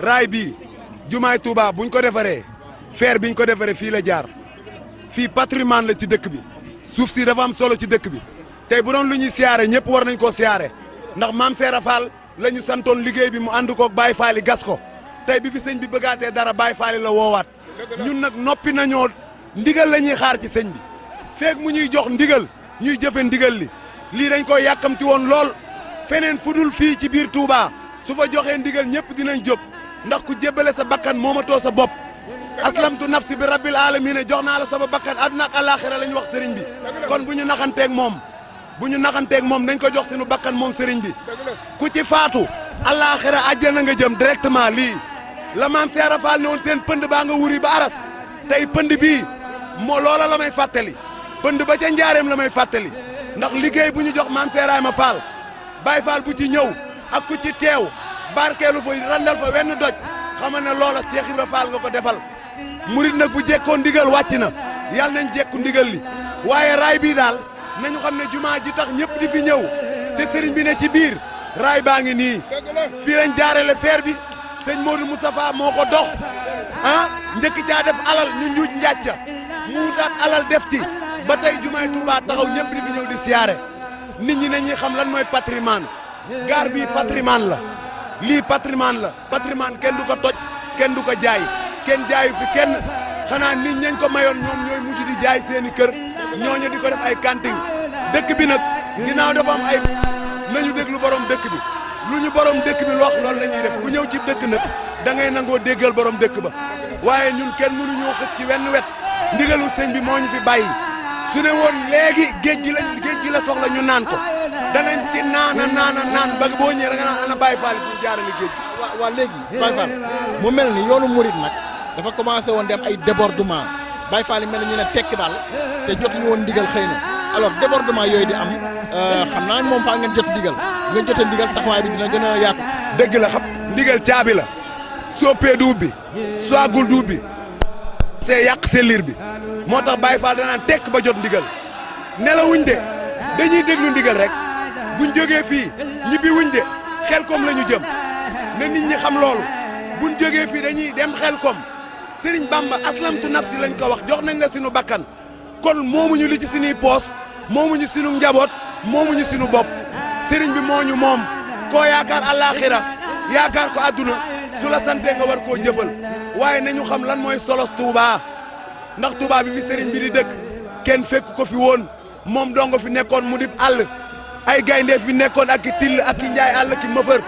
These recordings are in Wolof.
raay bi jumaay Touba buñ ko defaree feer biñ ko defaree fii la jaar fii patrimoine la ci dëkk bi suuf si dafa am solo ci dëkk bi tey bu doon lu ñuy siyaare ñëpp war nañ koo siyaare ndax maam Seera Fall la ñu santoon liggéey bi mu ànd ko Baye Fall gas ko tey bi fi sëñ bi bëggaatee dara Baye Fall la woowaat ñun nag noppi nañoo ndigal la ñuy xaar ci sëñ bi feeg mu ñuy jox ndigal ñuy jëfe ndigal li lii dañ koy yàkkamti woon lool feneen fu dul fii ci biir Touba su fa joxee ñëpp dinañ jóg ndax ku jébbale sa bakkan moomatoo sa bopp aslamtu nafsi bi rabbil alamina jox naa la sama bakkan àdduna ak alaxira la ñu wax sëriñ bi kon bu ñu naxanteeg moom bu ñu naxanteeg moom dañ ko jox suñu bakkan moom sëriñ bi ku ci faatu alaxira a nga jëm directement lii la maam seera faal ne woon seen pënd baa nga wuri ba aras tey pënd bii moo loola la may fàttali pënd ba ca njaareem la may fàttali ndax liggéey bu ñu jox maam seeraay ma faal baay faal bu ci ñëw ak ku ci teew barkeelu fa randal fa wenn doj xamal ne loola Cheikh Ibra Fall nga ko defal murit nag bu jekkoo ndigal wàcc na yàlla nañ jekk ndigal li waaye raay bii daal nañu xam ne jumaa ji tax ñëpp di fi ñëw te sëriñ bi ne ci biir raay baa ngi nii fii lañ jaarale feer bi sëñ Modou Moustapha moo ko dox ah njëkk caa def alal ñu njuuj njàcca mu wutaat alal def ci ba tey jumaay Touba taxaw ñëpp di fi ñëw di siyaare nit ñi nañuy xam lan mooy patrimoine gaar bi patrimoine la lii patrimoine la patrimoine kenn du ko toj kenn du ko jaay kenn jaayu fi kenn xanaa nit ñañ ko mayoon ñoom ñooy mujj di jaay seeni kër ñooñu di ko def ay kanting dëkk bi nag ginnaaw dafa am ay nañu déglu borom dëkk bi lu ñu borom dëkk bi wax loolu la ñuy def ku ñëw ci dëkk nag da ngay nangoo déggal borom dëkk ba waaye ñun kenn mënuñoo xëcc ci wenn wet ndigalu sëñ bi moo ñu fi bàyyi su ne woon léegi géej gi la géej gi la ñu naan ko danañ ci naan naan naan ba boo ñëwee da nga naan ana Baye Fall si jaarale géej gi. waaw waaw léegi Baye Fall mu mel ni yoonu murit nag dafa commencé woon dem ay débordement Baye Fall yi mel ni ñu ne tekk daal te jotuñu woon ndigal xëy na alors débordement yooyu di am euh, xam naa moom faa ngeen jot ndigal ngeen jotee ndigal taxawaay bi dina gën a yaatu. dëgg la xam ndigal caabi la soppee du ubbi soagul du bi see yàq see liir bi moo tax baay Fall danaan tekk ba jot ndigal nelawuñ de dañuy déglu ndigal rek. buñ jógee fii ñibbi wuñ de xel kom la ñu jëm na nit ñi xam loolu buñ jógee fii dañuy dem xel kom Serigne Bamba aslamtu nafsi lañ ko wax jox nañ la sinu bakkan kon moomuñu li ci suñuy poos moomuñu sinu njaboot moomuñu sinu bopp Serigne bi moo ñu moom koo yaakaar àllaaxira yaakaar ko àdduna su la sante nga war koo jëfal waaye nañu xam lan mooy solos Touba ndax Touba bi fi Serigne bi di dëkk kenn fekk ko fi woon moom dong fi nekkoon mu dib àll ay gaynde fi nekkoon ak i till ak i njaay àll ki mëfër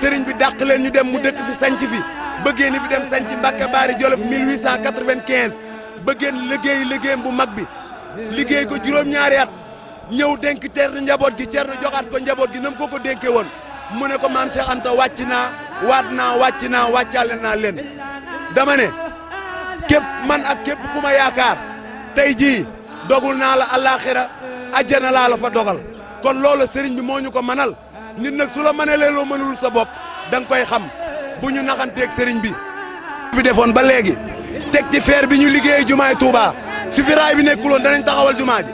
sëriñ bi dàq leen ñu dem mu dëkk fi sanc fi bëggee ni fi dem sanc Mbàkke Baari Jolof 1895 bëggeen liggéey liggéeyam bu mag bi liggéey ko juróom-ñaari at ñëw dénk teer njaboot gi ceer joxaat ko njaboot gi nam ko ko dénke woon mu ne ko man Cheikh Anta wàcc naa waat naa wàcc naa wàccaale naa leen dama ne képp man ak képp ku ma yaakaar tey jii dogul naa la àllaaxira ajjana la fa dogal kon loola sëriñ bi moo ñu ko manal nit nag su la mënalee loo mënul sa bopp da koy xam bu ñu naxanteek sëriñ bi. fi defoon ba léegi teg ci feer bi ñu liggéey jumaay Touba su fi raay bi nekkuloon danañ taxawal jumaa ji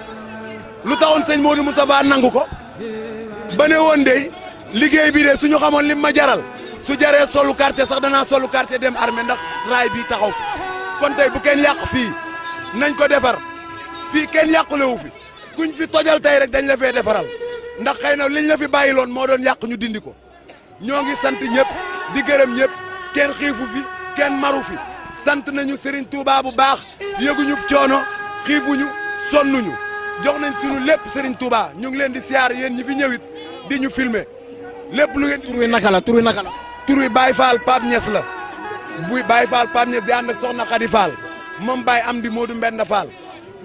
lu taxoon sëñ Modou Moustapha nangu ko ba ne woon de liggéey bi de suñu xamoon lim ma jaral su jaree solu quartier sax danaa solu quartier dem armée ndax raay bi taxaw fi kon tey bu kenn yàq fii nañ ko defar fii kenn yàqulewu fi. kuñ fi tojal tey rek dañ la fee defaral ndax xëy na liñ la fi bàyyiloon moo doon yàq ñu dindi ko ñoo ngi sant ñëpp di gërëm ñëpp kenn xiifu fi kenn maru fi sant nañu Serigne Touba bu baax yëguñu coono xiifuñu sonnuñu jox nañ suñu lépp Serigne Touba ñu ngi leen di siyaar yéen ñi fi ñëwit di ñu filmer lépp lu ngeen. wi naka la tur wi naka la. tur wi Baye Fall la buy Baye Fall Pape Niass di ànd ak Soxna Khady Fall moom Baye am di Modou mbenn Fall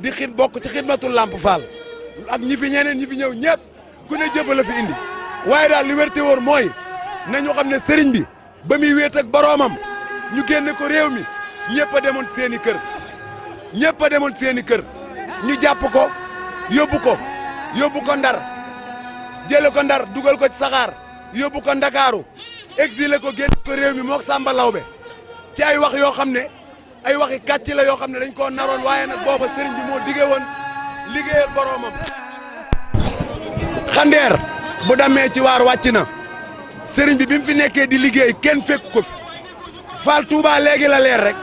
di xit bokk ci xidmatul Lamp Fall. ak ñi fi ñeneen ñi ñëw ñëpp ku ne jëfa indi waaye daal li wérte wóor mooy nañu xam ne sëriñ bi ba muy wéet ak boroomam ñu génne ko réew mi ñëpp a demoon seen i kër ñëpp a demoon seen i kër ñu jàpp ko yóbbu ko yóbbu ko ndar jële ko ndar dugal ko ci saxaar yóbbu ko ndakaaru exilé ko génne ko réew mi mook Samba Lawbe ci ay wax yoo xam ne ay waxi kàcc la yoo xam ne dañ ko naroon waaye na booba sëriñ bi moo dige woon liggéeyal boroomam xandeer bu demee ci waar wàcc na sëriñ bi bi mu fi nekkee di liggéey kenn fekk ko fi Fall Touba léegi la leer rek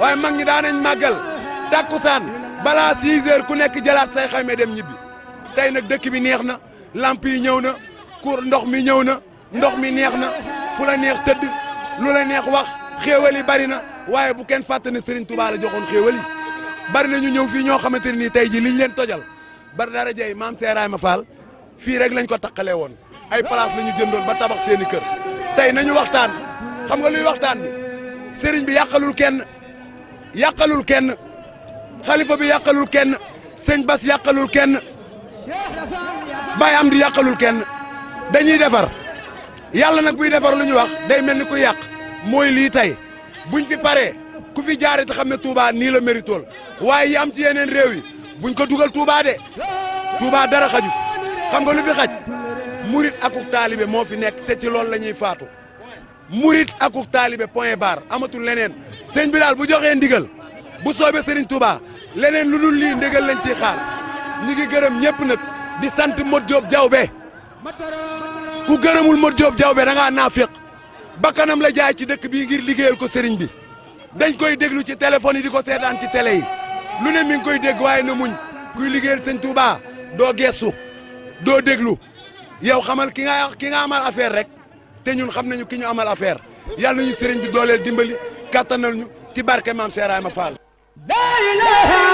waaye mag ñi daanañ màggal takkusaan balaa 6 ku nekk jalaat say xamee dem ñibbi tey nag dëkk bi neex na lamp yi ñëw na kur ndox mi ñëw na ndox mi neex na fu neex tëdd lu la neex wax xéewal bari na waaye bu kenn fàtte ne Serigne Touba la joxoon xéewal bari na ñu ñëw fii ñoo xamante nii tey jii liñ leen tojal bari dara jey maam Seeraay ma Fall fii rek lañ ko taqalee woon ay place la ñu jëndoon ba tabax seen i tey nañu waxtaan xam nga luy waxtaan bi sëriñ bi yàqalul kenn yàqalul kenn xalifa bi yàqalul kenn sëñ Bas yàqalul kenn am di yàqalul kenn dañuy defar yàlla nag buy defar lu ñu wax day mel ni ku yàq mooy lii tey buñ fi paree. ku fi jaaree te xam ne Touba nii la méritool waaye am ci yeneen réew yi buñ ko dugal Touba de Touba dara xajuf xam nga lu fi xaj murit akuk taalibe moo fi nekk te ci loolu la ñuy faatu murit akuk taalibe point bar amatul leneen sëñ bi daal bu joxee ndigal bu soobe Serigne Touba leneen lu dul lii ndigal lañ ciy xaar ñi ngi gërëm ñëpp nag di sant Modou Diop Diawbe ku gërëmul Modou Diop Diawbe da ngaa naafiq bakkanam la jaay ci dëkk bi ngir liggéeyal ko seriñ bi. dañ koy déglu ci téléphone yi di ko seetaan ci télé yi lu ne mi ngi koy dégg waaye na muñ kuy liggéeyal sëñ Touba doo gestu doo déglu yow xamal ki nga ki nga amal affaire rek te ñun xam nañu ki ñu amal affaire yàlla nañu sëriñ bi dooleel dimbali kàttanal ñu ci barke maam Cheikh Ibrahima Fall